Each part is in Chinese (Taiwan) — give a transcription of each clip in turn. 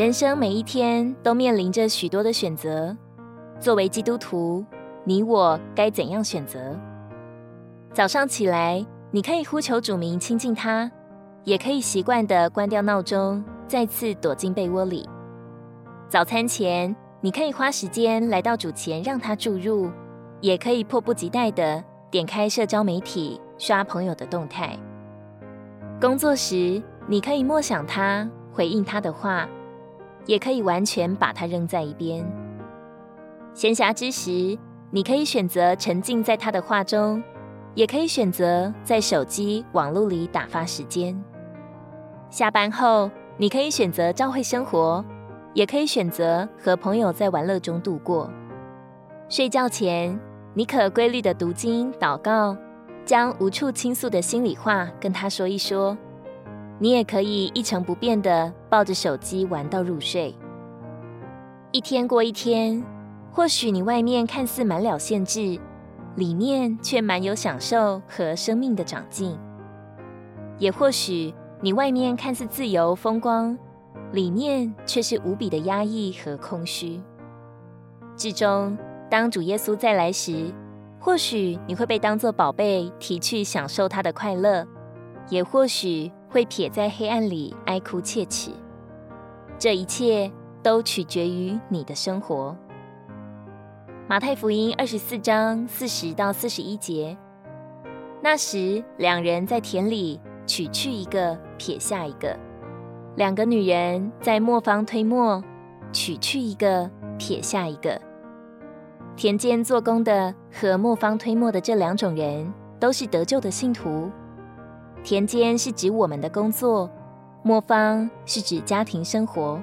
人生每一天都面臨着許多的選擇。作為基督徒，你我該怎樣選擇？早上起來，你可以呼求主名親近他，也可以習慣地關掉鬧鐘，再次躲進被窩裡。早餐前，你可以花時間來到主前，讓他注入，也可以迫不及待地點開社交媒體，刷朋友的動態。工作時，你可以默想他，回應他的話。也可以完全把它扔在一邊。閒暇之時，你可以選擇沉浸在他的話中，也可以選擇在手機網絡裡打發時間。下班後，你可以選擇教會生活，也可以選擇和朋友在玩樂中度過。睡覺前，你可規律的讀經禱告，將無處傾訴的心裡話跟他說一說。你也可以一成不變地抱着手機玩到入睡。一天過一天，或許你外面看似滿了限制，裡面卻滿有享受和生命的長進；也或許你外面看似自由風光，裡面卻是無比的壓抑和空虛。至終，當主耶穌再來時，或許你會被當作寶貝提去享受他的快樂，也或許……會撇在黑暗裡哀哭切齒，這一切都取決於你的生活。馬太福音二十四章四十到四十一節，那時兩人在田裡，取去一個，撇下一個；兩個女人在磨坊推磨，取去一個，撇下一個。田間做工的和磨坊推磨的這兩種人，都是得救的信徒。田間是指我們的工作，磨坊是指家庭生活。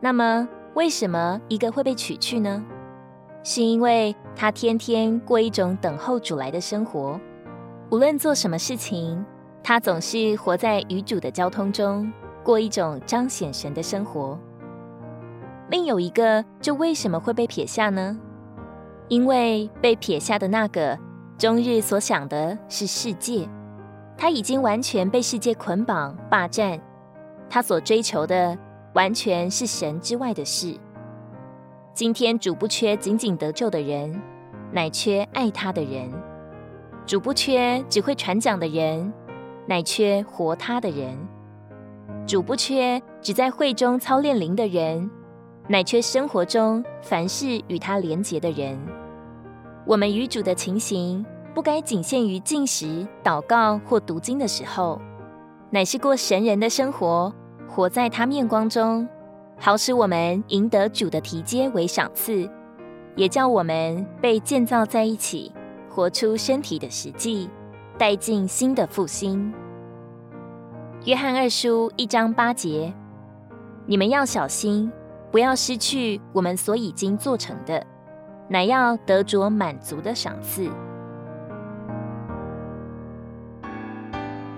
那麼，為什麼一個會被取去呢？是因為他天天過一種等候主來的生活，無論做什麼事情，他總是活在與主的交通中，過一種彰顯神的生活。另有一個，就為什麼會被撇下呢？因為被撇下的那個，終日所想的是世界。他已經完全被世界捆綁霸佔，他所追求的完全是神之外的事。今天主不缺僅僅得救的人，乃缺愛他的人；主不缺只會傳講的人，乃缺活他的人；主不缺只在會中操練靈的人，乃缺生活中凡事與他連結的人。我們與主的情形，不該僅限於禁食、禱告或讀經的時候，乃是過神人的生活，活在他面光中，好使我們贏得主的提接為賞賜，也叫我們被建造在一起，活出身體的實際，帶進新的復興。約翰二書一章八節：你們要小心，不要失去我們所已經做成的，乃要得着滿足的賞賜。